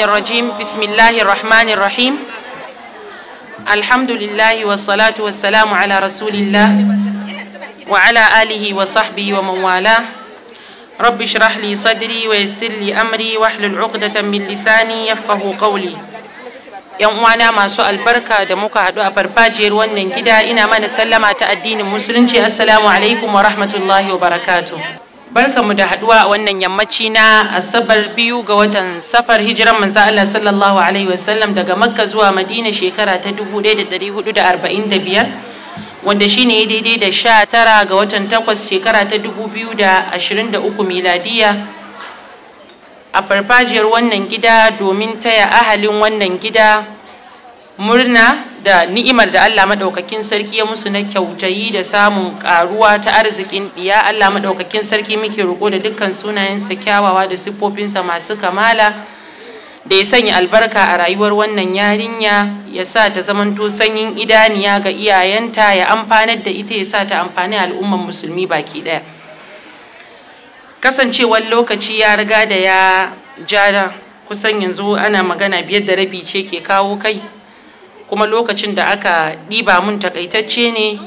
الرجيم بسم الله الرحمن الرحيم الحمد لله والصلاة والسلام على رسول الله وعلى آله وصحبه ومن والاه رب اشرح لي صدري ويسر لي أمري واحلل عقدة من لساني يفقه قولي yan uwana ما albarka da muka haɗu a farfajiyar إنا ما نسلم على sallama ta السلام عليكم ورحمة الله وبركاته barkamu da haduwa a wannan yammaci na asabar biyu ga watan safar hijiran manzo Allah sallallahu alaihi wasallam daga makka zuwa madina shekara ta 1445 wanda shine ya daidai da 19 ga watan takwas shekara ta 2023 miladiya a farfajiyar wannan gida domin taya ahalin wannan gida murna da ni'imar da Allah maɗaukakin sarki ya musu na kyautayi da samun ƙaruwa ta arzikin ɗiya Allah maɗaukakin sarki muke roƙo da dukkan sunayensa kyawawa da siffofinsa masu kamala da ya sanya albarka a rayuwar wannan yarinya ya sa ta zamanto sanyin idaniya ga iyayenta ya amfanar da ita ya sa ta amfani al'umman musulmi baki ɗaya kasancewar lokaci ya riga da ya jara kusan yanzu ana magana biyar da rabi ce ke kawo kai kuma lokacin da aka ɗiba mun takaitacce ne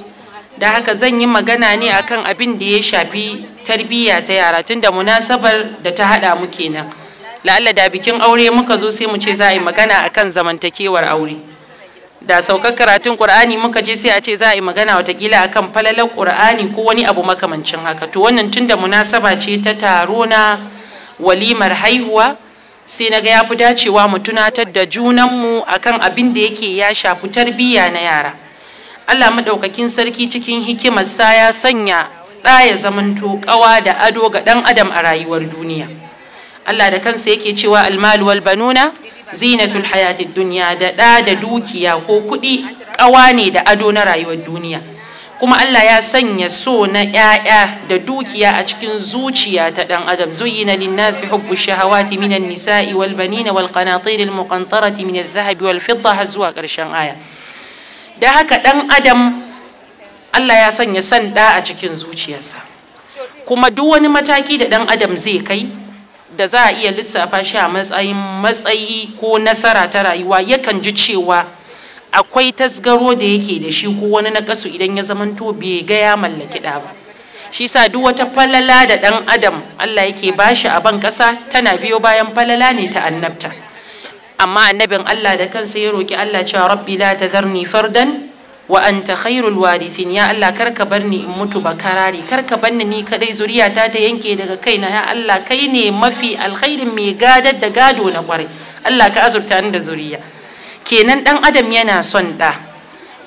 da haka zan yi magana ne akan abin da ya shafi tarbiyya ta yara tunda munasabar da ta haɗa mu kenan la'alla da bikin aure muka zo sai mu ce za a yi magana akan zamantakewar aure da saukar karatun qur'ani muka je sai a ce za a yi magana watakila akan falalar qur'ani ko wani abu makamancin haka to wannan tunda munasaba ce ta taro na walimar haihuwa sai na ga ya fi dacewa mu tunatar da junanmu akan abin da yake ya shafi tarbiyya na yara allah maɗaukakin sarki cikin hikimarsa ya sanya ɗa ya zamanto ƙawa da ado ga ɗan adam a rayuwar duniya allah da kansa yake cewa almalu wal banuna zinatul hayatid dunya da ɗa da dukiya ko kuɗi ƙawa ne da ado na rayuwar duniya kuma Allah ya sanya so na ƴaƴa da dukiya a cikin zuciya ta ɗan adam zuyina linnasi hubbu shahawati minan nisa'i wal banina wal qanatir al muqantarati min wal fidda har zuwa ƙarshen aya da haka ɗan adam Allah ya sanya san ɗa a cikin zuciyarsa kuma duk wani mataki da ɗan adam zai kai da za a iya lissafa shi a matsayin matsayi ko nasara ta rayuwa yakan ji cewa akwai tasgaro da yake da shi ko wani na kasu idan ya zamanto bai ga ya mallaki da ba shi sa duk wata falala da ɗan adam Allah yake bashi a ban ƙasa tana biyo bayan falala ne ta annabta amma annabin Allah da kansa ya roki Allah cewa rabbi la tazarni fardan wa anta khairul warithin ya Allah kar ka barni in mutu bakarari ka barni ni kadai zuriyata ta ta yanke daga kaina ya Allah kai ne mafi alkhairin mai gadar da gado na kwarai Allah ka azurta ni da zuriya kenan ɗan adam yana son ɗa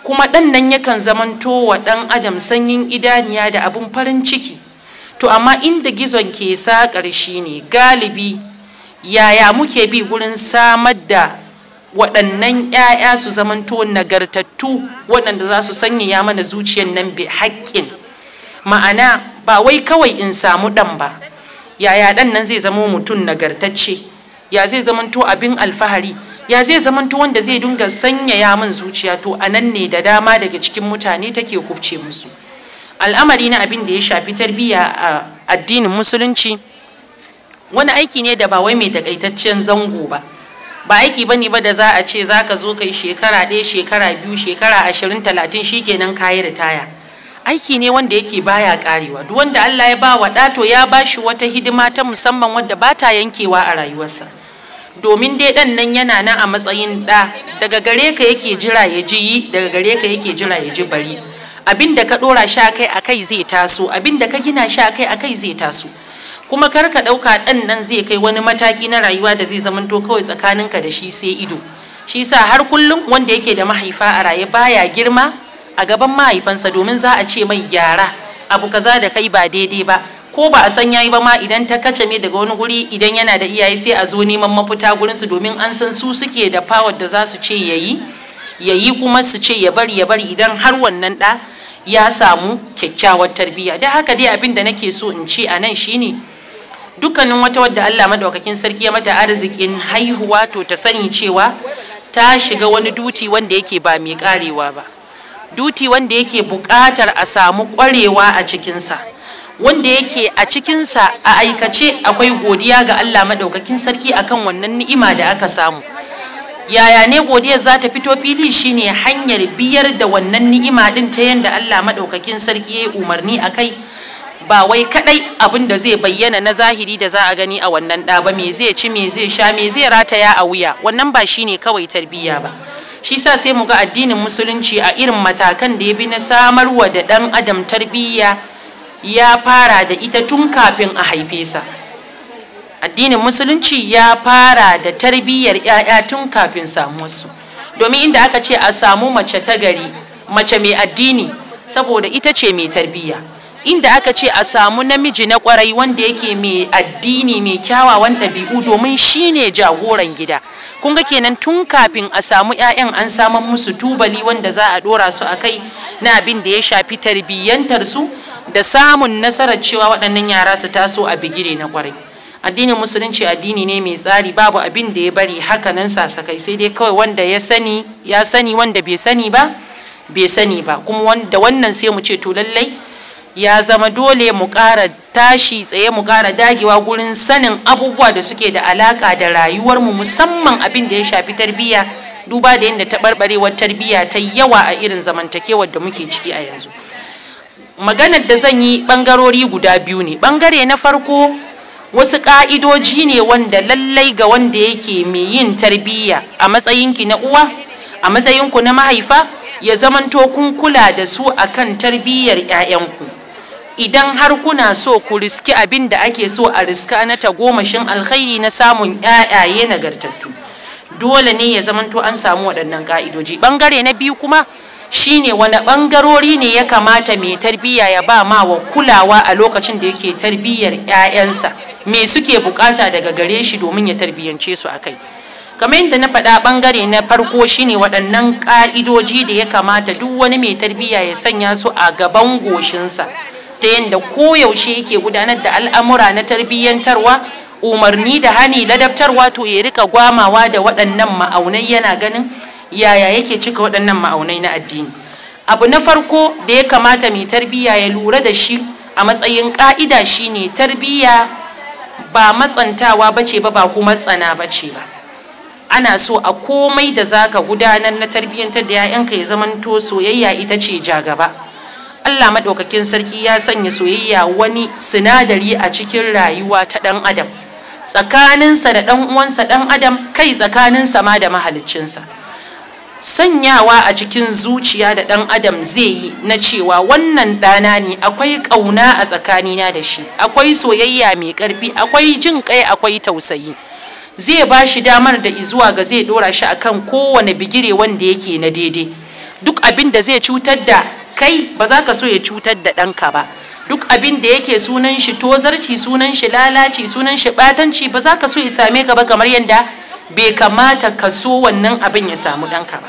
kuma ɗan nan yakan zamanto wa ɗan adam sanyin idaniya da abun farin ciki to amma inda gizon ke sa ƙarshe ne galibi yaya muke bi wurin samar da waɗannan 'ya'ya su zamanto nagartattu waɗanda za su sanyaya mana zuciyar nan bi haƙƙin ma'ana ba wai kawai in samu ɗan ba yaya ɗan nan zai zama mutum nagartacce ya zai zamanto abin alfahari ya zai zaman to wanda zai dinga sanyaya min zuciya to a nan ne da dama daga cikin mutane take kubce musu al'amari na abin da ya shafi tarbiyya a addinin musulunci wani aiki ne da ba wai mai takaitaccen zango ba ba aiki bane ba da za a ce za ka zo kai shekara ɗaya shekara biyu shekara ashirin talatin shi shikenan kayi ritaya aiki ne wanda yake baya karewa duk wanda Allah ya ba wa ɗato ya ba shi wata hidima ta musamman wadda ba ta yankewa a rayuwarsa domin dai ɗan nan yana nan a matsayin ɗa daga gare ka yake jira ya ji yi daga gare ka yake jira ya ji bari abin da ka ɗora sha kai a kai zai taso abin da ka gina sha kai a kai zai taso kuma kar ka ɗauka ɗan nan zai kai wani mataki na rayuwa da zai zamanto kawai tsakaninka da shi sai ido shi sa har kullum wanda yake da mahaifa a raye baya girma a gaban mahaifansa domin za a ce mai gyara abu kaza da kai ba daidai ba ko ba a san yayi ba ma idan ta kace me daga wani guri idan yana da iyaye sai a zo neman mafita gurin su domin an san su suke da power da za su ce yayi yayi kuma su ce ya bari ya bari idan har wannan da ya samu kyakkyawar tarbiyya da haka dai abin da nake so in ce a nan shine dukkanin wata wadda Allah madaukakin sarki ya mata arzikin haihuwa to ta sani cewa ta shiga wani duti wanda yake ba mai karewa ba duti wanda yake buƙatar a samu ƙwarewa a cikinsa wanda yake a cikinsa a aikace akwai godiya ga Allah maɗaukakin sarki akan wannan ni'ima da aka samu yaya ne godiya za ta fito fili shine hanyar biyar da wannan ni'ima din ta yadda Allah maɗaukakin sarki ya yi umarni a kai ba wai kadai abin da zai bayyana na zahiri da za a gani a wannan ɗa ba me zai ci me zai sha me zai rataya a wuya wannan ba shine kawai tarbiyya ba shi sa sai mu ga addinin musulunci a irin matakan da ya bi na samarwa da ɗan adam tarbiyya ya fara da ita tun kafin a haife sa addinin musulunci ya fara da tarbiyyar 'ya'ya tun kafin samuwarsu domin inda aka ce a samu mace ta gari mace mai addini saboda ita ce mai tarbiyya inda aka ce a samu namiji na kwarai wanda yake mai addini mai kyawawan ɗabi'u domin shi ne jagoran gida kun ga kenan tun kafin a samu 'ya'yan an saman musu tubali wanda za a ɗora su a kai na abin da ya shafi tarbiyyantar su da samun nasarar cewa waɗannan yara su taso a bigire na kwarai addinin musulunci addini ne mai tsari babu abin da ya bari hakanan sasakai sai dai kawai wanda ya sani ya sani wanda bai sani ba bai sani ba kuma da wannan sai mu ce to lallai ya zama dole mu ƙara tashi tsaye mu ƙara dagewa gurin sanin abubuwa da suke da alaƙa da rayuwarmu musamman abin da ya shafi tarbiyya duba da yadda taɓarɓarewar tarbiyya ta yawa a irin zamantakewar da muke ciki a yanzu maganar da zan yi bangarori guda biyu ne bangare na farko wasu ka'idoji ne wanda lallai ga wanda yake mai yin tarbiyya a matsayinki na uwa a matsayinku na mahaifa ya zamanto kun kula da su a kan tarbiyyar 'ya'yanku idan har kuna so ku riski abin da ake so a riska na tagomashin alkhairi na samun 'ya'yaye nagartattu dole ne ya zamanto an samu waɗannan ka'idoji ɓangare na biyu kuma shine wani bangarori ne ya kamata mai tarbiyya ya ba ma wa kulawa a lokacin da yake tarbiyyar 'ya'yansa me suke bukata daga gare shi domin ya tarbiyyance su akai kamar yadda na faɗa bangare na farko shine waɗannan ƙa'idoji da ya kamata duk wani mai tarbiyya ya sanya su a gaban goshinsa ta yadda koyaushe yake gudanar da al'amura na tarbiyyantarwa umarni da hani ladabtarwa to ya rika gwamawa da waɗannan ma'aunai yana ganin yaya yake cika waɗannan ma'aunai na addini abu na farko da ya kamata mai tarbiyya ya lura da shi a matsayin ƙa'ida shine tarbiyya ba matsantawa bace ba ba kuma tsana bace ba ana so a komai da zaka gudanar na tarbiyyantar da 'ya'yanka ya zamanto soyayya ita ce jagaba Allah maɗaukakin sarki ya sanya soyayya wani sinadari a cikin rayuwa ta ɗan adam tsakaninsa da ɗan uwansa ɗan adam kai tsakaninsa ma da mahaliccinsa sanyawa a cikin zuciya da ɗan adam zai yi na cewa wannan ɗana ne akwai ƙauna a tsakanina da shi akwai soyayya mai ƙarfi akwai jin ƙai akwai tausayi zai ba shi damar da izuwa ga zai ɗora shi kan kowane bigire wanda yake na daidai duk abin da zai cutar da kai ba za ka so ya cutar da ɗanka ba duk abin da yake sunan shi tozarci sunan shi lalaci sunan shi ɓatanci ba za ka so ya same ka ba kamar yadda bai kamata ka so wannan abin ya samu ɗanka ba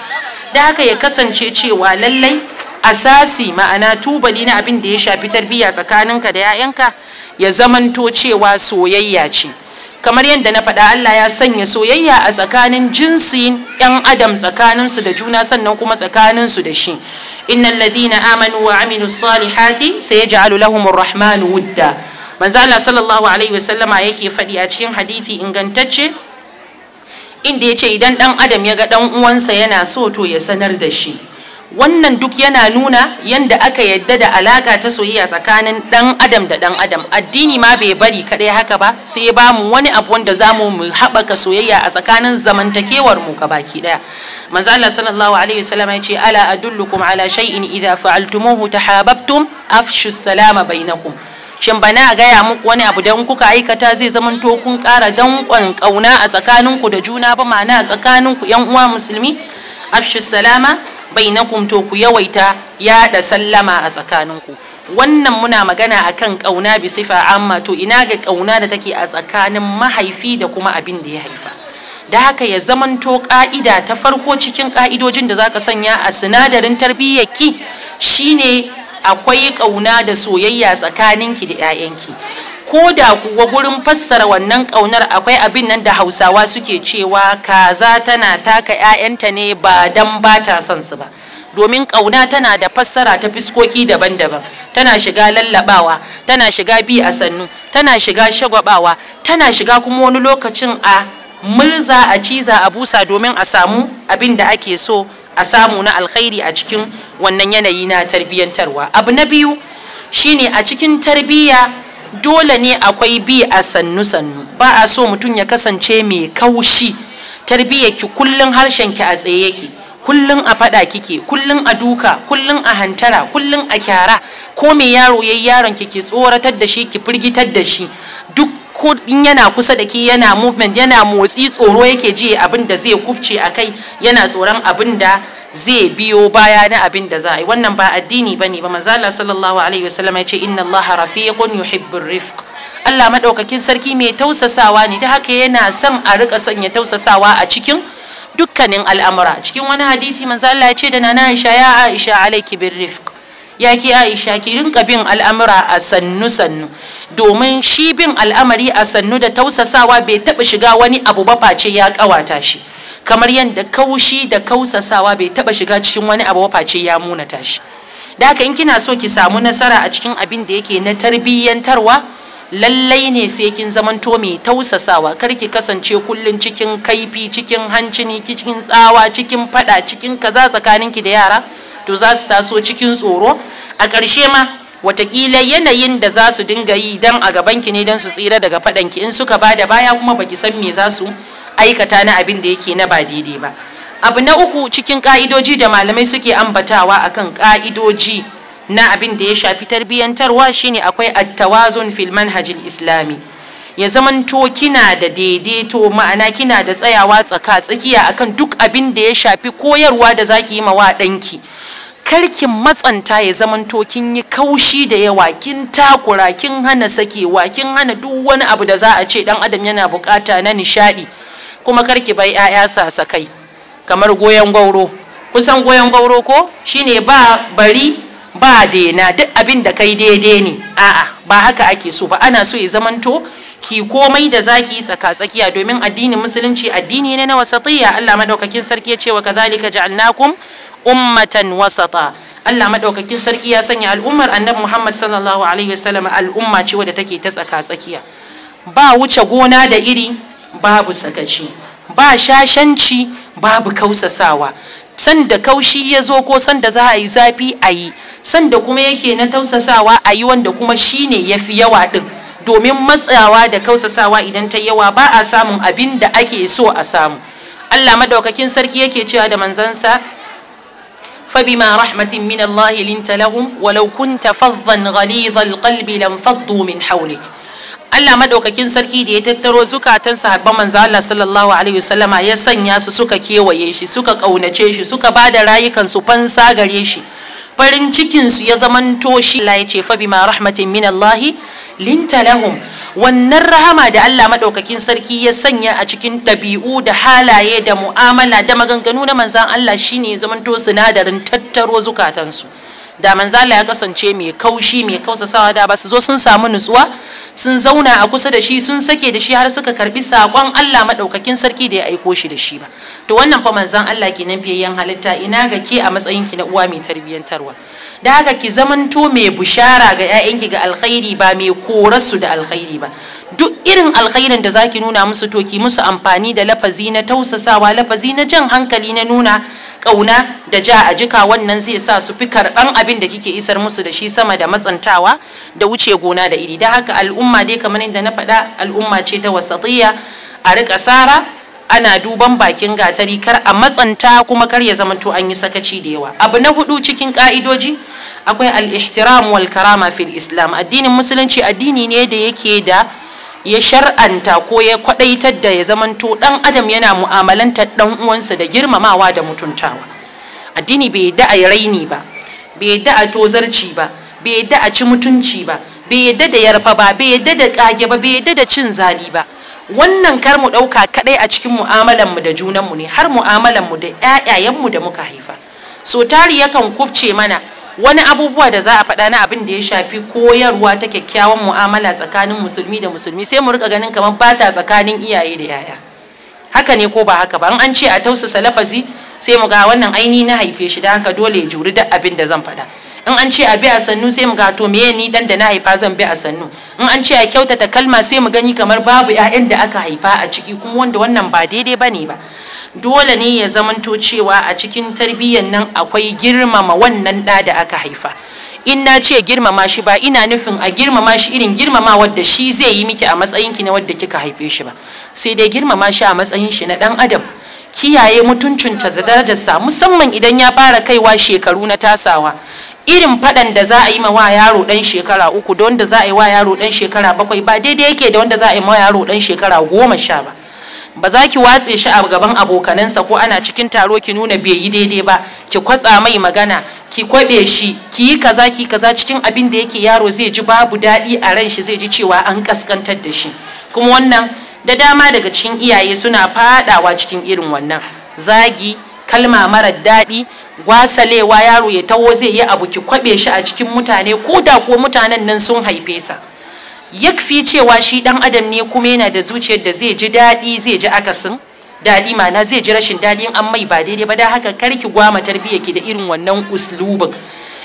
da haka ya kasance cewa lallai asasi ma'ana tubali na abin da ya shafi tarbiyya tsakaninka da 'ya'yanka ya zamanto cewa soyayya ce kamar yadda na faɗa Allah ya sanya soyayya a tsakanin jinsin 'yan adam tsakaninsu da juna sannan kuma tsakaninsu da shi innal ladina amanu wa aminu salihati sayaj'alu lahum ar-rahmanu wudda manzo Allah sallallahu alaihi wasallama yake faɗi a cikin hadisi ingantacce inda ya ce idan ɗan adam ya ga ɗan uwansa yana so to ya sanar da shi wannan duk yana nuna yadda aka yadda da alaka ta soyayya tsakanin ɗan adam da ɗan adam addini ma bai bari kaɗai haka ba sai ya bamu wani abu wanda za mu haɓaka soyayya a tsakanin zamantakewar mu ga baki ɗaya manzo Allah sallallahu alaihi wasallam ya ce ala adullukum ala shay'in idza fa'altumuhu tahabbtum afshu salama bainakum shin bana gaya muku wani abu don kuka aikata zai zaman to kun ƙara danƙon ƙauna a tsakaninku da juna ba ma'ana a tsakaninku yan uwa musulmi afshu salama bainakum to ku yawaita yaɗa sallama a tsakaninku wannan muna magana akan ƙauna bi sifa amma to ina ga ƙauna da take a tsakanin mahaifi da kuma abin da ya haifa da haka ya zamanto ƙa'ida ta farko cikin ƙa'idojin da zaka sanya a sinadarin tarbiyyarki shine akwai ƙauna da soyayya tsakanin ki da 'ya'yanki ko da kuwa gurin fassara wannan ƙaunar akwai abin nan da hausawa suke cewa kaza tana taka 'ya'yanta ne ba dan ba ta son su ba domin ƙauna tana da fassara ta fiskoki daban-daban tana shiga lallabawa tana shiga bi a sannu tana shiga shagwabawa tana shiga kuma wani lokacin a murza a ciza a busa domin a samu abin da ake so a samu na alkhairi a cikin wannan yanayi na tarbiyyantarwa abu na biyu shine a cikin tarbiyya dole ne akwai bi a sannu-sannu ba a so mutum ya kasance mai kaushi tarbiyyarki kullum harshenki a tsaye yake kullun a fada kike kullun a duka kullun a hantara kullun a kyara ko me yaro yayi yaron ki ki tsoratar da shi ki firgitar da shi ko in yana kusa da ke yana movement yana motsi tsoro yake ji abin da zai kubce a kai yana tsoron abin da zai biyo baya na abin da za a yi wannan ba addini ne ba Mazala sallallahu alaihi wasallam ya ce inna allaha rafiqun yuhibbur rifq Allah madaukakin sarki mai tausasawa ne Ta haka yana son a rika sanya tausasawa a cikin dukkanin al'amura cikin wani hadisi manzo Allah ya ce da nana Aisha ya Aisha alayki bir ya ke aisha ki rinka bin al'amura a sannu sannu domin shi bin al'amari a sannu da tausasawa bai taɓa shiga wani abu ba face ya ƙawata shi kamar yadda kaushi da kausasawa bai taɓa shiga cikin wani abu ba face ya muna tashi da haka in kina so ki samu nasara a cikin abin da yake na tarbiyyantarwa lallai ne sai kin zamanto mai tausasawa kar ki kasance kullun cikin kaifi cikin hancini cikin tsawa cikin fada cikin kaza tsakaninki da yara to za su taso cikin tsoro a ƙarshe ma watakila yanayin da za su dinga yi dan a gabanki ne dan su tsira daga ki in suka bada da baya kuma baki san me za su aikata na abin da yake na ba daidai ba abu na uku cikin ka'idoji da malamai suke ambatawa akan ka'idoji na abin da ya shafi tarbiyyantarwa shine akwai attawazun fil manhajil islami ya zamanto kina da daidaito ma'ana kina da tsayawa tsaka tsakiya akan duk abin da ya shafi koyarwa da zaki yi ma wa danki. karkin matsanta ya zamanto kin yi kaushi da yawa kin takura kin hana sakewa kin hana duk wani abu da za a ce dan adam yana bukata na nishadi kuma karki bai 'ya'ya sakai kamar goyon gauro kusan goyon gauro ko shine ba bari ba dena duk abin da kai daidai ne a'a ba haka ake so ba ana so ya zamanto ki komai da zaki yi tsaka tsakiya domin addinin musulunci addini ne na wasatiyya Allah madaukakin sarki ya ce wa kazalika ja'alnakum ummatan wasata Allah madaukakin sarki ya sanya al'ummar annabi Muhammad sallallahu alaihi wasallam al'umma ce wadda take ta tsaka tsakiya ba wuce gona da iri babu sakaci ba shashanci babu kausasawa da kaushi ya zo ko da za a yi zafi a yi da kuma yake na tausasawa a yi wanda kuma shine ya fi yawa ɗin domin matsawa da kausasawa idan ta yawa ba a samun abin da ake so a samu Allah madaukakin sarki yake cewa da manzansa فبما رحمة من الله لنت لهم ولو كنت فظا غليظ القلب لانفضوا من حولك Allah madaukakin sarki da ya tattaro zukatan sahabban manzo Allah sallallahu alaihi wasallama ya sanya su suka kewaye shi suka kaunace shi suka bada rayukan su fansa gare shi farin cikinsu ya zamanto shi Allah ya ce fa bima rahmatin min Allah linta lahum wannan rahama da Allah madaukakin sarki ya sanya a cikin ɗabi'u da halaye da mu'amala da maganganu na manzan Allah shine ya zamanto sinadarin tattaro zukatansu da manzala ya kasance mai kaushi mai kausasawa da ba su zo sun samu nutsuwa sun zauna a kusa da shi sun sake da shi har suka karbi sakon Allah madaukakin sarki da ya aiko shi da shi ba to wannan fa manzan Allah kenan fiyayyen halitta ina ga ke a matsayin ki na uwa mai tarbiyyantarwa da haka ki zamanto mai bushara ga 'ya'yanki ga alkhairi ba mai korarsu da alkhairi ba duk irin alkhairin da zaki nuna musu to ki musu amfani da lafazi na tausasawa lafazi na jan hankali na nuna kauna da ja a jika wannan zai sa su fi karɓan abin da kike isar musu da shi sama da matsantawa da wuce gona da iri da haka al'umma dai kamar yadda na faɗa al'umma ce ta wasatiyya a riƙa sara ana duban bakin gatari kar a matsanta kuma kar ya zamanto an yi sakaci da yawa abu na hudu cikin ka'idoji akwai al-ihtiram wal karama fil islam addinin musulunci addini ne da yake da ya shar'anta ko ya kwadaitar da ya zamanto dan adam yana mu'amalantar dan uwansa da girmamawa da mutuntawa addini bai yadda a raini ba bai yadda a tozarci ba bai yadda a ci mutunci ba bai yadda da yarfa ba bai yadda da kage ba bai yadda da cin zali ba wannan kar mu ɗauka kaɗai a cikin mu'amalanmu da junanmu ne har mu'amalanmu da ƴaƴayenmu da muka haifa so tari yakan kubce mana wani abubuwa da za a faɗa na abin da ya shafi koyarwa ta kyakkyawan mu'amala tsakanin musulmi da musulmi sai mu rika ganin kamar bata tsakanin iyaye da yaya haka ne ko ba haka ba in an ce a tausasa lafazi sai mu ga wannan aini na haife shi da haka dole ya juri duk abin da zan faɗa in an ce a bi a sannu sai mu ga to me ni dan da na haifa zan bi a sannu in an ce a kyautata kalma sai mu gani kamar babu ƴaƴan da aka haifa a ciki kuma wanda wannan ba daidai bane ba dole ne ya zamanto cewa a cikin tarbiyyar nan akwai girmama wannan ɗa da aka haifa in na ce girmama shi ba ina nufin a girmama shi irin girmama wadda shi zai yi miki a matsayin ki na wadda kika haife shi ba sai dai girmama shi a matsayin shi na dan adam kiyaye mutuncinta da darajarsa musamman idan ya fara kaiwa shekaru na tasawa irin faɗan da za a yi wa yaro ɗan shekara uku da wanda za a yi wa yaro ɗan shekara bakwai ba daidai yake da wanda za a yi wa yaro ɗan shekara goma sha ba ba za ki watse shi a gaban abokanansa ko ana cikin taro ki nuna bai yi daidai ba ki kwatsa mai magana ki kwabe shi ki yi kaza ki kaza cikin abin da yake yaro zai ji babu daɗi a ran shi zai ji cewa an kaskantar da shi kuma wannan da dama daga cikin iyaye suna faɗawa cikin irin wannan zagi kalma marar daɗi gwasalewa yaro ya taho zai yi abu ki kwabe shi a cikin mutane ko da ko mutanen nan sun haife sa yakfi cewa shi dan adam ne kuma yana da zuciyar da zai ji daɗi zai ji akasin daɗi ma'ana zai ji rashin daɗi in an mai ba daidai ba da haka kar ki gwama tarbiyya ki da irin wannan uslubin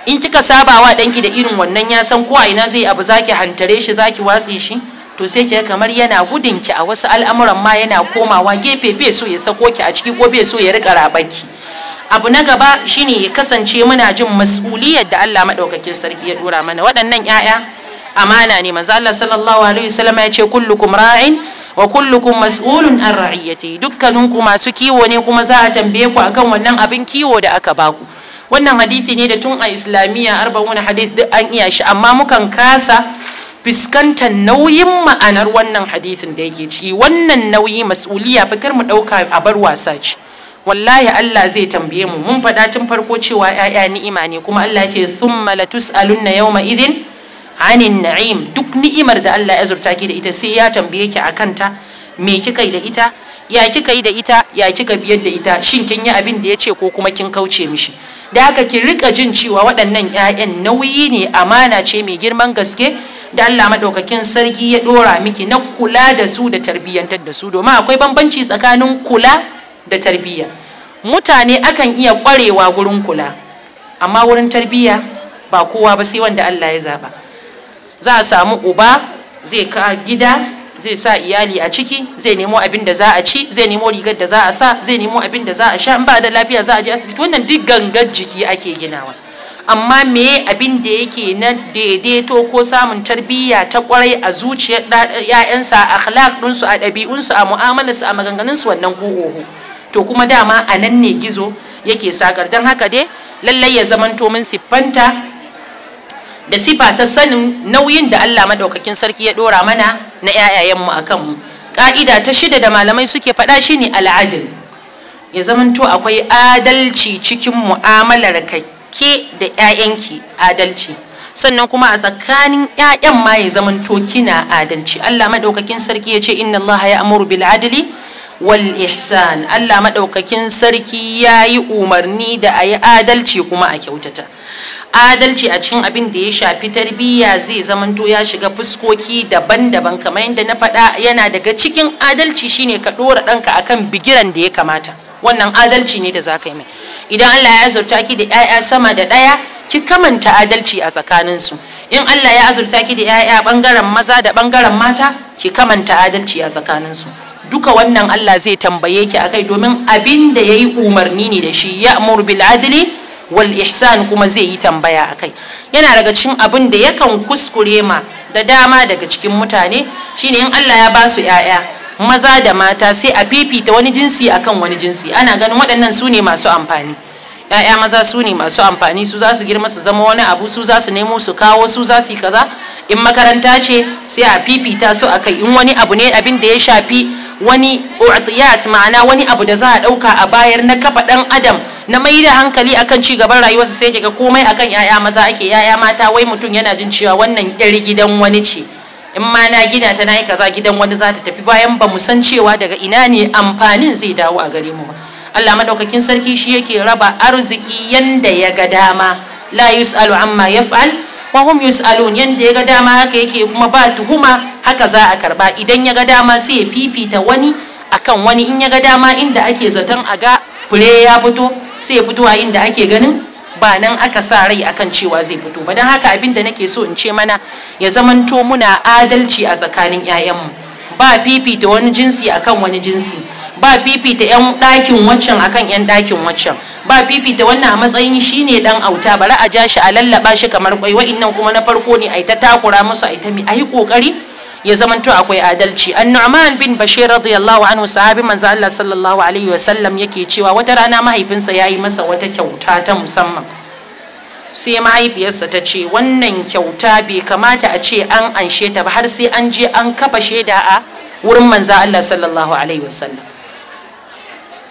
in kika sabawa danki da irin wannan ya san ko a ina zai abu zaki hantare shi zaki watsi shi to sai ki kamar yana gudun ki a wasu al'amuran ma yana komawa gefe bai so ya sako ki a ciki ko bai so ya rika rabaki abu na gaba shine ya kasance muna jin mas'uliyar da Allah madaukakin sarki ya dora mana waɗannan 'ya'ya amana ne manzo Allah sallallahu alaihi wasallam ya ce kullukum ra'in wa kullukum mas'ulun an ra'iyati dukkaninku masu kiwo ne kuma za a tambaye ku akan wannan abin kiwo da aka baku wannan hadisi ne da tun a islamiyya arba'una hadis duk an iya shi amma mukan kasa fuskantar nauyin ma'anar wannan hadithin da yake ci wannan nauyi mas'uliya fakar mu ɗauka a bar wasa ce wallahi Allah zai tambaye mu mun faɗa tun farko cewa ‘ya'ya ni'ima ne kuma Allah ce summa la tus'alunna yawma izin anin na'im duk ni'imar da Allah ya zurta ki da ita sai ya tambaye ki akan ta me kika yi da ita ya kika yi da ita ya kika biyar da ita shin kin yi abin da ya ce ko kuma kin kauce mishi da haka ki rika jin cewa waɗannan ‘ya'yan nauyi ne amana ce mai girman gaske da Allah madaukakin sarki ya dora miki na kula da su da tarbiyyantar da su domin akwai bambanci tsakanin kula da tarbiyya mutane akan iya kwarewa gurin kula amma wurin tarbiyya ba kowa ba sai wanda Allah ya zaba za a samu uba zai ka gida zai sa iyali a ciki zai nemo abin da za a ci zai nemo rigar da za a sa zai nemo abin da za a sha in ba da lafiya za a je asibiti wannan duk gangar jiki ake ginawa amma me abin da yake na daidaito ko samun tarbiyya ta kwarai a zuciyar ‘ya'yansa a akhlaq ɗinsu a ɗabi'unsu a mu'amalarsu a maganganunsu wannan ko to kuma dama a nan ne gizo yake sakar don haka dai lallai ya zamanto min siffanta da sifa ta sanin nauyin da Allah madaukakin sarki ya dora mana na yayayenmu a kanmu ka'ida ta shida da malamai suke faɗa shine al'adil ya zamanto akwai adalci cikin mu'amalar kai ke da 'ya'yanki adalci sannan kuma a tsakanin 'ya'yan ma ya zama kina adalci Allah maɗaukakin sarki ya ce inna Allah ya amuru bil adli wal ihsan Allah maɗaukakin sarki ya yi umarni da a yi adalci kuma a kyautata adalci a cikin abin da ya shafi tarbiyya zai zamanto ya shiga fuskoki daban-daban kamar yadda na faɗa yana daga cikin adalci shine ka ɗora ɗanka akan bigiran da ya kamata wannan adalci ne da za ka yi mai idan Allah ya azurta ki da 'ya'ya sama da ɗaya ki kamanta adalci a tsakaninsu in Allah ya azurta ki da 'ya'ya bangaren maza da bangaren mata ki kamanta adalci a tsakaninsu duka wannan Allah zai tambaye ki akai domin abin da yayi umarni ne da shi ya bil adli wal ihsan kuma zai yi tambaya akai yana daga cikin abin da yakan kuskure ma da dama daga cikin mutane shine in Allah ya ba su 'ya'ya maza da mata sai a fifita wani jinsi akan wani jinsi ana ganin waɗannan su ne masu amfani ya'ya maza su ne masu amfani su za su girma su zama wani abu su za su nemo su kawo su za su yi kaza in makaranta ce sai a fifita su akai in wani abu ne abin da ya shafi wani u'tiyat ma'ana wani abu da za a ɗauka a bayar na kafa ɗan adam na mai da hankali akan ci gaban rayuwarsa sai kaga komai akan ya'ya maza ake ya'ya mata wai mutum yana jin cewa wannan yar gidan wani ce in ma na gina ta nayi kaza gidan wani za ta tafi bayan ba mu san cewa daga ina ne amfanin zai dawo a gare mu ba Allah madaukakin sarki shi yake raba arziki yanda ya ga dama la yusalu amma yaf'al wa hum yusalun yanda ya ga dama haka yake kuma ba tuhuma haka za a karba idan ya ga dama sai ya fifita wani akan wani in ya ga dama inda ake zaton a ga fure ya fito sai ya fito a inda ake ganin ba nan aka sa rai akan cewa zai fito ba don haka abin da nake so in ce mana ya zamanto muna adalci a tsakanin 'ya'yanmu ba fifita wani jinsi akan wani jinsi ba fifita 'yan ɗakin waccan akan 'yan ɗakin waccan ba fifita wannan a matsayin shi ne ɗan auta bari a ja shi a lallaba shi kamar kwai wa'innan kuma na farko ne a yi ta takura musu a yi ta mi a yi ƙoƙari ya zamanto akwai adalci annuman bin bashir radiyallahu anhu sahabi manzo Allah sallallahu alaihi wa sallam yake cewa wata rana mahaifinsa yayi masa wata kyauta ta musamman sai mahaifiyarsa ta ce wannan kyauta bai kamata a ce an anshe ta ba har sai an je an kafa shaida a wurin manzo Allah sallallahu alaihi wa sallam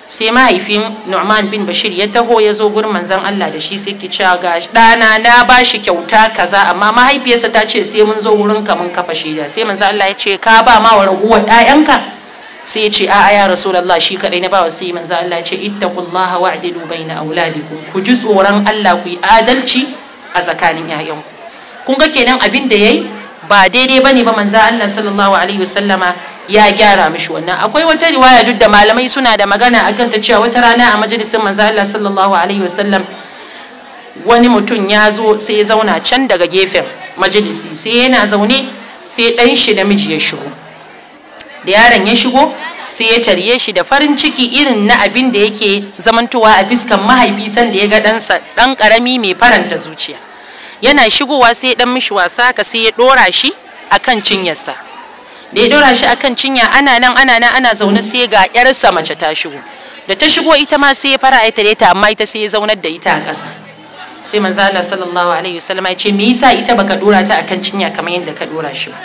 sai mahaifin nu'man bin bashir ya taho ya zo gurin manzon allah da shi sai ki cewa ga ɗana na ba shi kyauta kaza amma mahaifiyarsa ta ce sai mun zo wurin ka mun kafa shaida sai manzon allah ya ce ka ba ma wa raguwar ɗayanka sai ya ce a'a ya rasulullah shi kadai na ba sai manzon allah ya ce ittaqullaha wa'dilu baina auladikum ku ji tsoron allah ku yi adalci a tsakanin 'ya'yanku kun ga kenan abin da yayi ba daidai bane ba manzon allah sallallahu alaihi wasallama ya gyara mishi wannan akwai wata riwaya duk da malamai suna da magana akan ta cewa wata rana a majalisin manzo Allah sallallahu alaihi wasallam wani mutum ya zo sai ya zauna can daga gefen majalisi sai yana zaune sai dan shi namiji ya shigo da yaron ya shigo sai ya tarye shi da farin ciki irin na abin da yake zamantowa a fiskan mahaifi da ya ga ɗansa ɗan karami mai faranta zuciya yana shigowa sai dan ɗan mishi wasa ka sai ya ɗora shi akan cinyarsa da ya dora shi akan cinya ana nan ana nan ana zaune sai ga yarsa mace ta shigo da ta shigo ita ma sai ya fara aita da ita amma ita sai ya zaunar da ita a ƙasa sai manzo Allah sallallahu alaihi wasallam ya ce me yasa ita baka dora ta akan cinya kamar yadda ka dora shi ba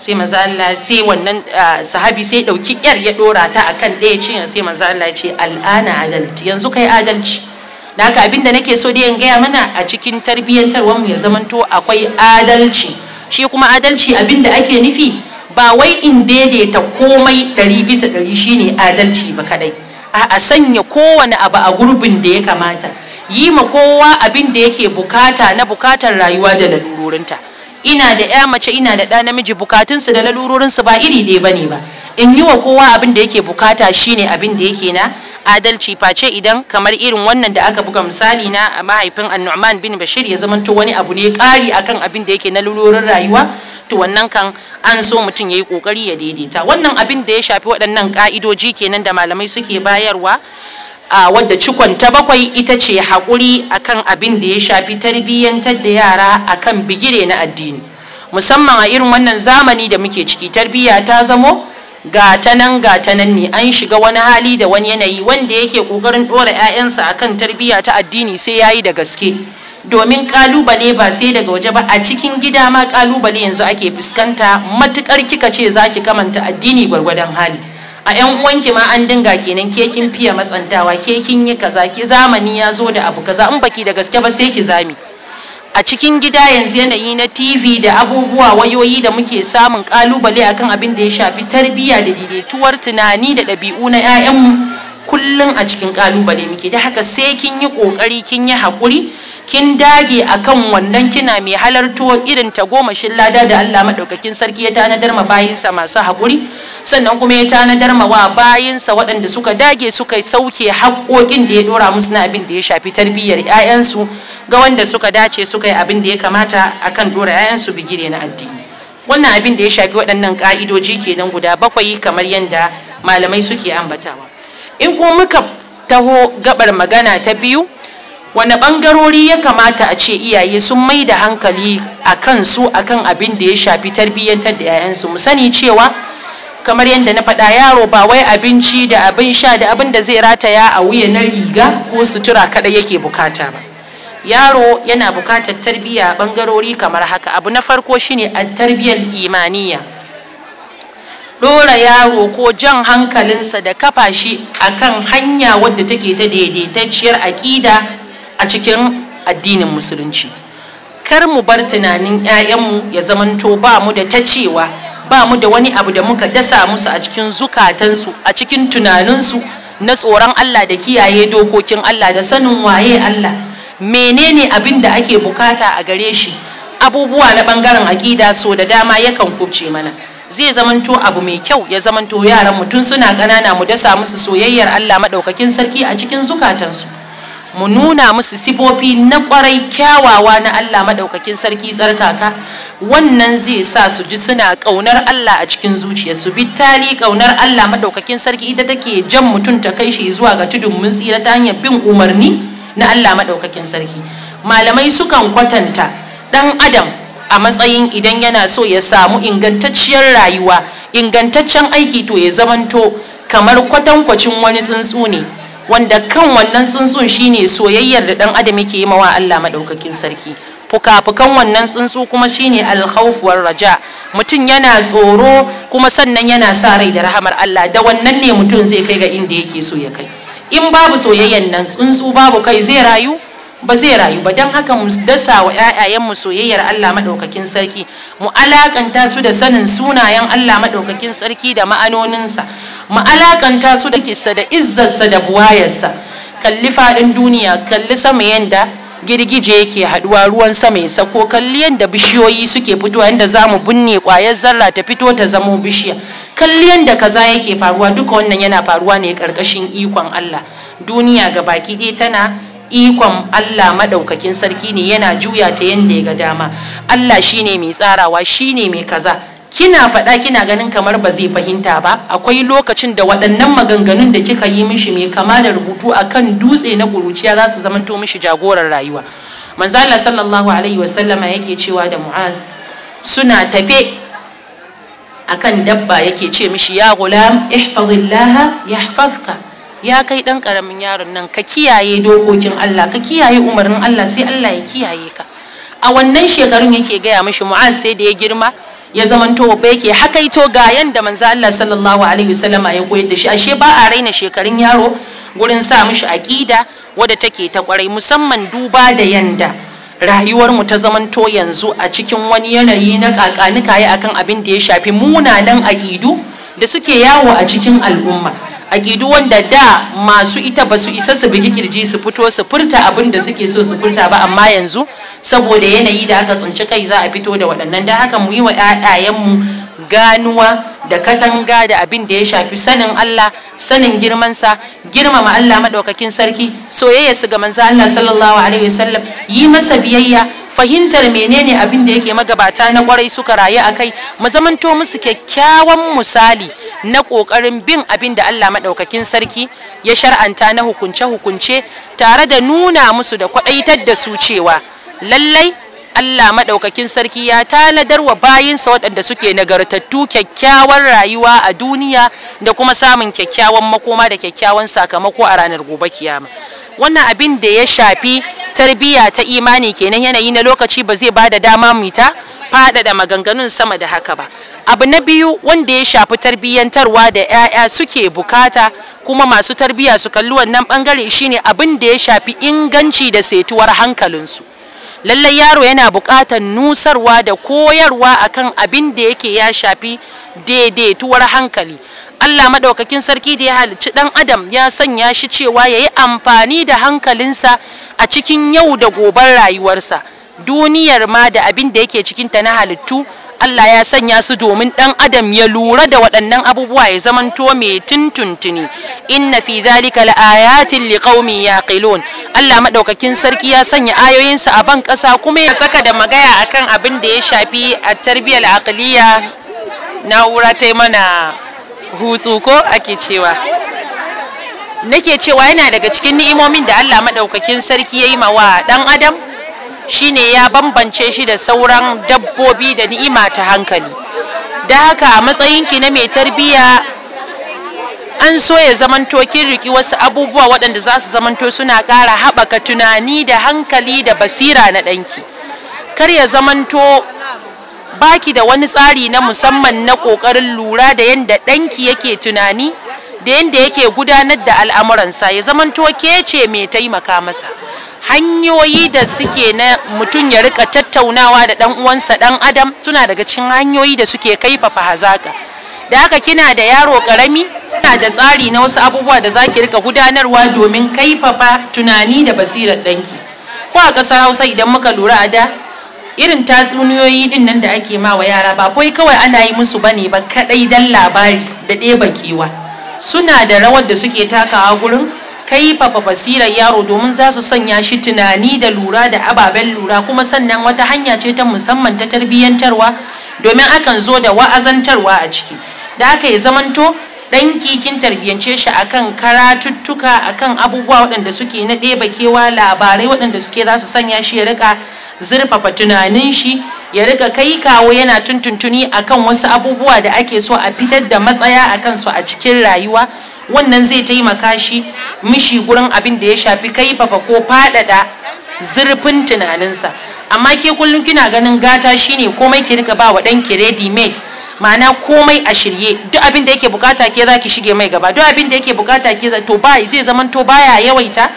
sai manzo Allah sai wannan sahabi sai dauki yar ya dora ta akan ɗaya cinya sai manzo Allah ya ce al'ana adalci yanzu kai adalci da abinda nake so dai in gaya mana a cikin tarbiyyantarwar mu ya zamanto akwai adalci shi kuma adalci abinda ake nufi ba wai in daidaita komai ɗari bisa ɗari shine adalci ba kadai a sanya kowane abu a gurbin da ya kamata yi ma kowa abin da yake bukata na bukatar rayuwa da lalurorinta ina da ya mace ina da ɗa namiji bukatunsu da lalurorinsu ba iri ɗaya bane ba in yi wa kowa abin da yake bukata shine abin da yake na adalci face idan kamar irin wannan da aka buga misali na mahaifin annu'man bin bashir ya zamanto wani abu ne ƙari akan abin da yake na lalurorin rayuwa to wannan kan an so mutum ya yi ƙoƙari ya daidaita wannan abin da ya shafi waɗannan ƙa'idoji kenan da malamai suke bayarwa wadda cikon ta bakwai ita ce haƙuri a kan abin da ya shafi tarbiyyantar da yara kan bigire na addini musamman a irin wannan zamani da muke ciki tarbiyya ta zamo gatanan gatanan ne an shiga wani hali da wani yanayi wanda yake ƙoƙarin ɗora 'ya'yansa kan tarbiyya ta addini sai ya yi da gaske domin kalubale ba sai daga waje ba a cikin gida ma kalubale yanzu ake fuskanta matukar kika ce za ki kamanta addini gwargwadon hali a yan uwanki ma an dinga kenan kekin kin fiye matsantawa kekin yi kaza ki zamani ya zo da abu kaza in baki da gaske ba sai ki zami a cikin gida yanzu yanayi na TV da abubuwa wayoyi da muke samun kalubale akan abin da ya shafi tarbiyya da daidaituwar tunani da ɗabi'u na 'ya'yanmu kullum a cikin kalubale muke da haka sai kin yi ƙoƙari kin yi haƙuri kin dage akan wannan kina mai halartuwar irin ta goma shin lada da Allah madaukakin sarki ya tanadar ma bayinsa masu hakuri sannan kuma ya tanadar ma wa bayinsa waɗanda suka dage suka sauke haƙoƙin da ya dora musu na abin da ya shafi tarbiyyar ƴaƴansu ga wanda suka dace suka yi abin da ya kamata akan dora ƴaƴansu bigire na addini wannan abin da ya shafi waɗannan ƙa'idoji kenan guda bakwai kamar yadda malamai suke ambatawa in kuma muka taho gabar magana ta biyu wane bangarori ya kamata a ce iyaye sun mai da hankali a kansu a kan abin da ya shafi tarbiyyantar da 'ya'yansu mu sani cewa kamar yadda na faɗa yaro ba wai abinci da abin sha da abin da zai rataya a wuya na riga ko sutura kaɗai yake bukata ba yaro yana bukatar tarbiyya bangarori kamar haka abu na farko shine a tarbiyyar imaniya ɗora yaro ko jan hankalinsa da kafa shi akan hanya wadda take ta daidaitacciyar aƙida a cikin addinin musulunci kar mu bar tunanin 'ya'yanmu ya zamanto ba mu da ta cewa ba mu da wani abu da muka dasa musu a cikin zukatansu a cikin tunaninsu na tsoron Allah da kiyaye dokokin Allah da sanin waye Allah menene abin da ake bukata a gare shi abubuwa na bangaren aƙida so da dama yakan kubce mana zai zamanto abu mai kyau ya zamanto yaran mutum suna ƙanana mu dasa musu soyayyar Allah maɗaukakin sarki a cikin zukatansu mu nuna musu sifofi na kwarai kyawawa na Allah madaukakin sarki tsarkaka wannan zai sa su ji suna kaunar Allah a cikin zuciya su bi tali kaunar Allah madaukakin sarki ita take jan mutum ta kai shi zuwa ga tudun mun tsira ta hanyar bin umarni na Allah maɗaukakin sarki malamai sukan kwatanta ɗan adam a matsayin idan yana so ya samu ingantacciyar rayuwa ingantaccen aiki to ya zamanto kamar kwatankwacin wani tsuntsu ne wanda kan wannan tsuntsun shine soyayyar da dan adam yake yi mawa Allah maɗaukakin sarki fuka-fukan wannan tsuntsu kuma shine alkhawfuwar raja mutum yana tsoro kuma sannan yana sa rai da rahamar Allah da wannan ne mutum zai kai ga inda yake so ya kai in babu soyayyan nan tsuntsu babu kai zai rayu ba zai rayu ba don haka mu dasa wa mu soyayyar Allah maɗaukakin sarki mu alakanta su da sanin sunayen Allah maɗaukakin sarki da ma'anoninsa mu alakanta su da kisa da izzarsa da buwayarsa kalli faɗin duniya kalli sama yanda girgije yake haɗuwa ruwan sama ya sako kalli yanda bishiyoyi suke fitowa yanda zamu mu binne ƙwayar zarra ta fito ta zamo bishiya kalli yanda kaza yake faruwa duka wannan yana faruwa ne ƙarƙashin ikon Allah duniya ga baki ɗaya tana ikon Allah madaukakin sarki ne yana juya ta yanda ya ga dama Allah shine mai tsarawa shine mai kaza kina faɗa kina ganin kamar ba zai fahimta ba akwai lokacin da waɗannan maganganun da kika yi mishi mai kama da rubutu akan dutse na kuruciya za su zamanto mishi jagorar rayuwa manzo Allah sallallahu alaihi wasallama yake cewa da Mu'az suna tafe akan dabba yake ce mishi ya gulam ihfazillaha yahfazka ya kai dan karamin yaron nan ka kiyaye dokokin Allah ka kiyaye umarnin Allah sai Allah ya kiyaye ka a wannan shekarun yake gaya mishi mu'az sai da ya girma ya zamanto babba yake hakaito ga yanda manzo Allah sallallahu alaihi wasallama ya koyar da shi ashe ba a raina shekarun yaro gurin sa mishi aqida wadda take ta kwarai musamman duba da yanda rayuwar mu ta zamanto yanzu a cikin wani yanayi na kakanuka kakanika akan abin da ya shafi munanan aqidu da suke yawo a cikin al'umma a aƙidu wanda da masu ita ba su isa su bugi kirji su fito su furta abin da suke so su furta ba amma yanzu saboda yanayi da aka tsinci kai za a fito da waɗannan da haka mu yi wa 'ya'yayenmu ganuwa da katanga da abin da ya shafi sanin Allah sanin girmansa girmama Allah maɗaukakin sarki soyayya su ga manzo Allah sallallahu alaihi wasallam yi masa biyayya fahimtar menene abin da yake magabata na kwarai suka rayu a kai mu zamanto musu kyakkyawan misali na ƙoƙarin bin abin da Allah maɗaukakin sarki ya shar'anta na hukunce-hukunce tare da nuna musu da kwaɗaitar da su cewa lallai Allah maɗaukakin sarki ya tanadar wa bayinsa waɗanda suke nagartattu kyakkyawan rayuwa a duniya da kuma samun kyakkyawan makoma da kyakkyawan sakamako a ranar gobe kiyama wannan abin da ya shafi tarbiyya ta imani kenan yanayi na lokaci ba zai bada dama mu ta faɗaɗa maganganun sama da haka ba abu na biyu wanda ya shafi tarbiyyantarwa da 'ya'ya suke bukata kuma masu tarbiyya su kalli wannan bangare shine abin da ya shafi inganci da setuwar hankalinsu lallai yaro yana buƙatar nusarwa da koyarwa akan abin da yake ya shafi daidaituwar hankali Allah madaukakin sarki da ya halicci ɗan adam ya sanya shi cewa ya yi amfani da hankalinsa a cikin yau da gobar rayuwarsa duniyar ma da abin da yake cikinta na halittu Allah ya sanya su domin ɗan adam ya lura da waɗannan abubuwa ya zamanto mai tuntuntuni inna fi dhalika laayatin liqaumin yaqilun Allah madaukakin sarki ya sanya ayoyinsa a ban ƙasa kuma ya saka da magaya akan abin da ya shafi a tarbiyyar aqliya na'ura ta mana hutsu ko ake cewa nake cewa yana daga cikin ni'imomin da Allah maɗaukakin sarki ya yi wa ɗan adam shine ya bambance shi da sauran dabbobi da ni'ima ta hankali da haka a matsayinki na mai tarbiyya an so ya zamanto kin riki wasu abubuwa waɗanda za su zamanto suna ƙara haɓaka tunani da hankali da basira na ɗanki kar ya zamanto baki da wani tsari na musamman na kokarin lura da yadda ɗanki yake tunani da yadda yake gudanar da al'amuransa ya zamanto ke ce mai taimaka masa hanyoyi da suke na mutum ya rika tattaunawa da ɗan uwansa ɗan adam suna daga cikin hanyoyi da suke kaifafa hazaka da haka kina da yaro karami kina da tsari na wasu abubuwa da zaki rika gudanarwa domin kaifafa tunani da basirar ɗanki ko a ƙasar hausa idan muka lura a da irin tatsuniyoyi din nan da ake ma wa yara ba kawai kawai ana yi musu bane ba kadai dan labari da ɗeba kewa suna da rawar da suke takawa gurin kaifafa basirar yaro domin za su sanya shi tunani da lura da ababen lura kuma sannan wata hanya ce ta musamman ta tarbiyyantarwa domin akan zo da wa'azantarwa a ciki da aka yi zamanto dan kikin tarbiyyance shi akan karatuttuka akan abubuwa waɗanda suke na ɗeba kewa labarai waɗanda suke za su sanya shi ya rika zurfafa tunanin shi ya rika kai kawo yana tuntuntuni akan wasu abubuwa da ake so a fitar da matsaya akan su a cikin rayuwa wannan zai taimaka shi mishi gurin abin da ya shafi kai fafa ko faɗaɗa zurfin tunaninsa amma ke kullum kina ganin gata shine komai ki riga ba wa ɗan ki ready made ma'ana komai a shirye duk abin da yake bukata ke za ki shige mai gaba duk abin da yake bukata ke to ba zai zaman to baya yawaita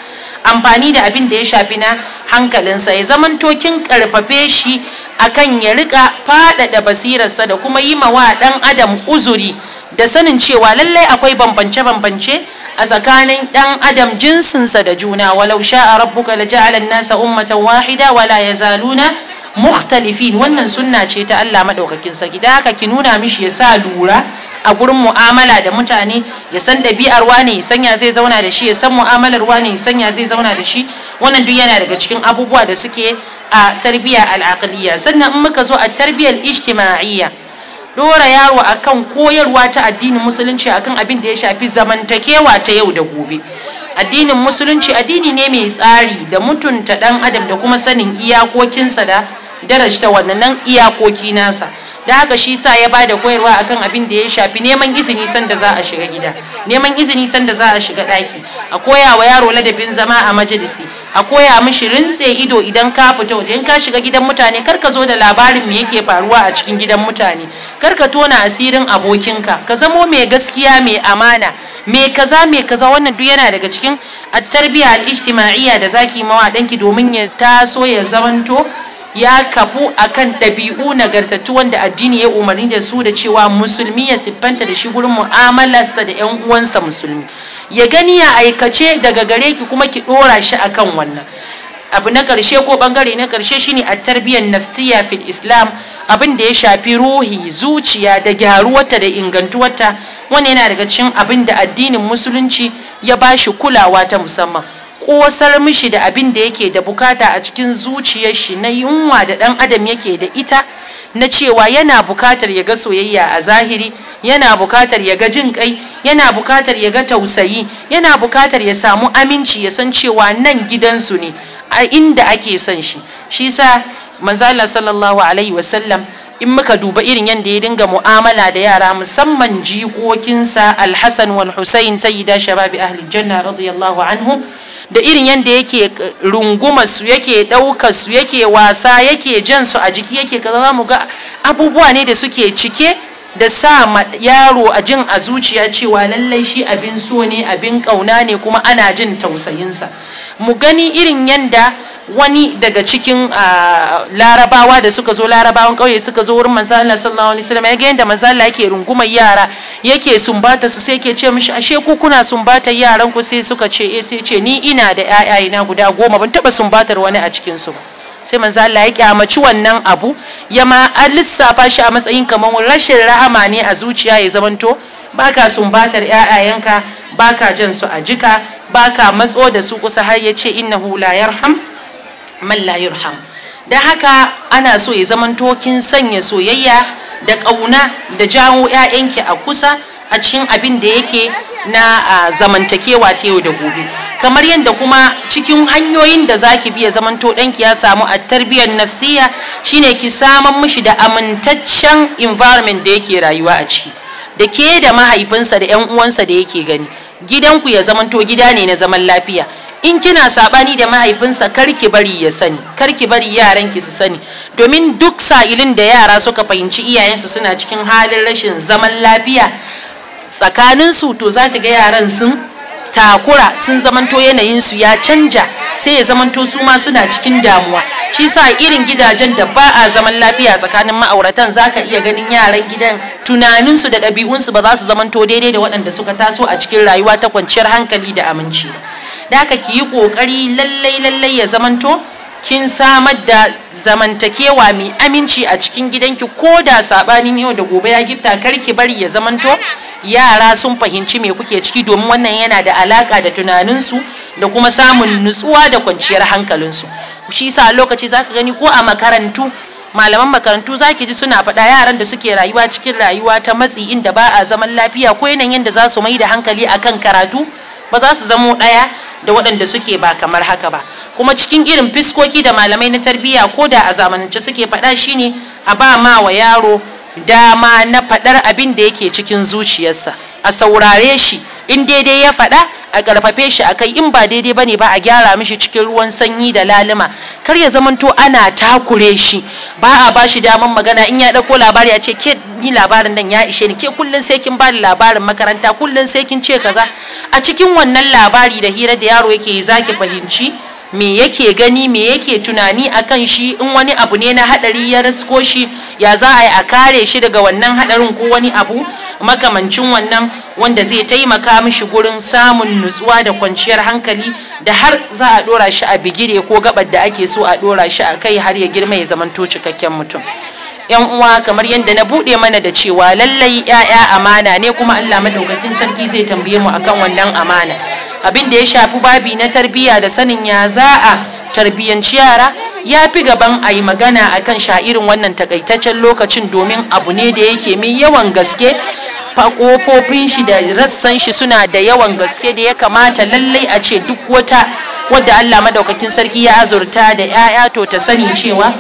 amfani da abin da ya shafi na hankalinsa ya zaman tokin karfafe shi akan ya rika faɗaɗa basirarsa da kuma yi mawa ɗan adam uzuri da sanin cewa lallai akwai bambance-bambance a tsakanin ɗan adam jinsinsa da juna walau sha'a rabbuka la ja'ala nasa ummatan wahida wala ya yazaluna mukhtalifin wannan sunna ce ta Allah madaukakin sa gida haka ki nuna mishi ya sa lura a gurin mu'amala da mutane ya san ɗabi'ar wane ya sanya zai zauna da shi ya san mu'amalar wane ya sanya zai zauna da shi wannan duk yana daga cikin abubuwa da suke a tarbiyya al'aqliya sannan in muka zo a tarbiyyar ijtima'iyya dora yaro akan koyarwa ta addinin musulunci akan abin da ya shafi zamantakewa ta yau da gobe addinin musulunci addini ne mai tsari da mutunta dan adam da kuma sanin iyakokinsa da darajta wannan iyakoki nasa da haka shi sa ya bada koyarwa akan abin da ya shafi neman izini sanda za a shiga gida neman izini sanda za a shiga daki a koya wa yaro ladabin zama a majalisi a koya mishi rintse ido idan ka fita waje in ka shiga gidan mutane kar ka zo da labarin me yake faruwa a cikin gidan mutane kar ka tona asirin abokinka ka zamo mai gaskiya mai amana me kaza mai kaza wannan duk yana daga cikin at-tarbiyya al-ijtima'iyya da zaki mawa danki domin ya taso ya zamanto ya kafu akan ɗabi'u nagartattu wanda addini ya umarni da su da cewa musulmi ya siffanta da shi gurin mu'amalarsa da 'yan uwansa musulmi ya gani ya aikace daga gare ki kuma ki ɗora shi akan wannan abu na ƙarshe ko ɓangare na ƙarshe shine a tarbiyyar nafsiya fil islam abin da ya shafi ruhi zuciya da gyaruwarta da ingantuwarta wannan yana daga cikin abin da addinin musulunci ya bashi kulawa ta musamman kosar mishi da abin da yake da bukata a cikin zuciyar shi na yunwa da dan adam yake da ita na cewa yana bukatar ya ga soyayya a zahiri yana bukatar ya ga jin kai yana bukatar ya ga tausayi yana bukatar ya samu aminci ya san cewa nan gidansu ne a inda ake son shi shi sa manzala sallallahu alaihi wasallam in muka duba irin yadda ya dinga mu'amala da yara musamman jikokinsa alhassan walhussain sayyida shababi ahli janna radiyallahu anhum da irin yadda yake eh, runguma su yake ɗauka su yake wasa yake jan su a jiki yake kaza za mu ga abubuwa ne da suke cike da sa yaro a jin a zuciya cewa lallai shi abin so ne abin ƙauna ne kuma ana jin tausayinsa mu gani irin yanda wani daga cikin ah, larabawa da suka zo larabawan kauye suka zo wurin manzo Allah sallallahu alaihi wasallam ya ga yanda manzo Allah yake rungumar yara yake sumbata su sai yake ce mishi ashe ku kuna sumbata yaran ku sai suka ce eh sai ce ni ina da na guda goma ban taba sumbatar wani a cikin su sai manzo Allah ya kyamaci wannan abu ya ma lissafa shi a matsayin kamar rashin rahama ne a zuciya ya zamanto baka sumbatar ƴaƴayenka baka jan su a jika baka matso da su kusa har ya ce inna la yarham man la yarham da haka ana so ya zaman tokin sanya soyayya da ƙauna da jawo 'ya'yanki a kusa a cikin abin da yake na zamantakewa ta yau da gobe kamar yadda kuma cikin hanyoyin da zaki biya zamanto ɗanki ya samu a tarbiyyar nafsiya shine ki saman mishi da amintaccen environment da yake rayuwa a ciki da ke da mahaifinsa da 'yan uwansa da yake gani gidanku ya zamanto gida ne na zaman lafiya in kina sabani da mahaifinsa kar ki bari ya sani kar ki bari yaran ki su sani domin duk sa'ilin da yara suka fahimci iyayensu suna cikin halin rashin zaman lafiya tsakanin su to za ki ga yaran sun takura sun zamanto yanayin su ya canja sai ya zamanto su ma suna cikin damuwa shi sa irin gidajen da ba a zaman lafiya tsakanin ma'auratan zaka iya ganin yaran gidan tunaninsu da ɗabi'unsu ba za su zamanto daidai da waɗanda suka taso a cikin rayuwa ta kwanciyar hankali da aminci da aka ki yi ƙoƙari lallai lallai ya zamanto kin samar da zamantakewa mai aminci a cikin gidanki ko da saɓanin yau da gobe ya gifta kar ki bari ya zamanto yara sun fahimci me kuke ciki domin wannan yana da alaka da tunaninsu da kuma samun nutsuwa da kwanciyar hankalinsu shi sa lokaci zaka gani ko a makarantu malaman makarantu zaki ji suna faɗa yaran da suke rayuwa cikin rayuwa ta matsi inda ba a zaman lafiya ko yanayin yadda za su mai da hankali akan karatu ba za su zamo ɗaya da waɗanda suke ba kamar haka ba kuma cikin irin fiskoki da malamai na tarbiyya ko da a zamanance suke faɗa shine a ba ma wa yaro dama na faɗar abin da yake cikin zuciyarsa a saurare shi in daidai ya faɗa a ƙarfafe shi a kai in ba daidai ba ne ba a gyara mishi cikin ruwan sanyi da lalima kar ya zamanto ana takure shi ba a ba shi daman magana in ya ɗauko labari ya ce ke ni labarin nan ya ishe ni ke kullum sai kin ba labarin makaranta kullum sai kin ce kaza a cikin wannan labari da hira da yaro yake yi zaki fahimci me yake gani me yake tunani akan shi in wani abu ne na hadari ya rasko shi ya za a yi a kare shi daga wannan hadarin ko wani abu makamancin wannan wanda zai taimaka mishi gurin samun nutsuwa da kwanciyar hankali da har za a dora shi a bigire ko gabar da ake so a dora shi a kai har ya girma ya zamanto cikakken mutum yan uwa kamar yadda na bude mana da cewa lallai 'ya'ya amana ne kuma Allah madaukakin sarki zai tambaye mu akan wannan amana abin da ya shafi babi na tarbiyya da sanin ya za a tarbiyanci yara ya fi gaban a yi magana a kan sha'irin wannan takaitaccen lokacin domin abu ne da yake mai yawan gaske kofofin shi da rassan shi suna da yawan gaske da ya kamata lallai a ce duk wata wadda Allah madaukakin sarki ya azurta da 'ya'ya to ta sani cewa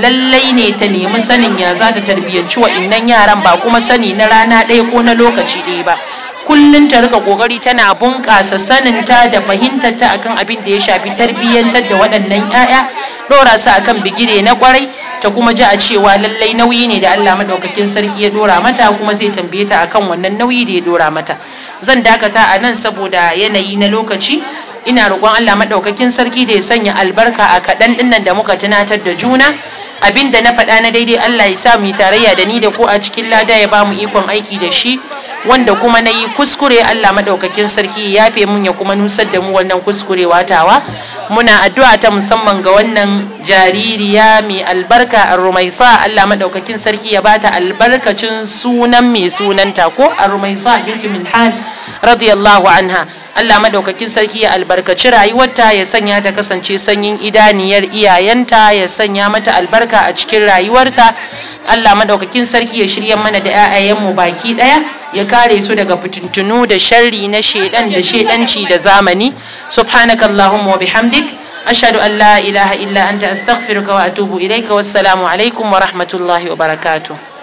lallai ne ta nemi sanin ya za ta tarbiyyanci wa'innan yaran ba kuma sani na rana ɗaya ko na lokaci ɗaya ba kullum ta rika kokari tana bunƙasa saninta da fahimtar akan abin da ya shafi tarbiyyantar da waɗannan 'ya'ya dora su akan bigire na kwarai ta kuma ji a cewa lallai nauyi ne da Allah maɗaukakin sarki ya dora mata kuma zai tambaye ta akan wannan nauyi da ya dora mata zan dakata a nan saboda yanayi na lokaci ina roƙon Allah maɗaukakin sarki da ya sanya albarka a kaɗan ɗinnan da muka tunatar da juna abin da na faɗa na daidai Allah ya sa mu tarayya da ni da ko a cikin lada ya ba mu ikon aiki da shi wanda kuma na yi kuskure Allah madaukakin sarki ya fi mun ya kuma nusar da mu wannan kuskurewa tawa muna addu'a ta musamman ga wannan jaririya mai albarka a rumaisa Allah madaukakin sarki ya bata albarkacin sunan mai sunanta ko a rumaisa bintu milhan radiyallahu anha Allah maɗaukakin sarki ya albarkaci rayuwarta ya sanya ta kasance sanyin idaniyar iyayenta ya sanya mata albarka a cikin rayuwarta Allah madaukakin sarki ya shirya mana da mu baki ɗaya ya kare su daga fitintunu da sharri na shedan da shedanci da zamani subhanakallahumma wa bihamdik ashhadu an la ilaha illa anta astaghfiruka dubu atubu ilaika wassalamu alaikum wa rahmatullahi wa barakatuh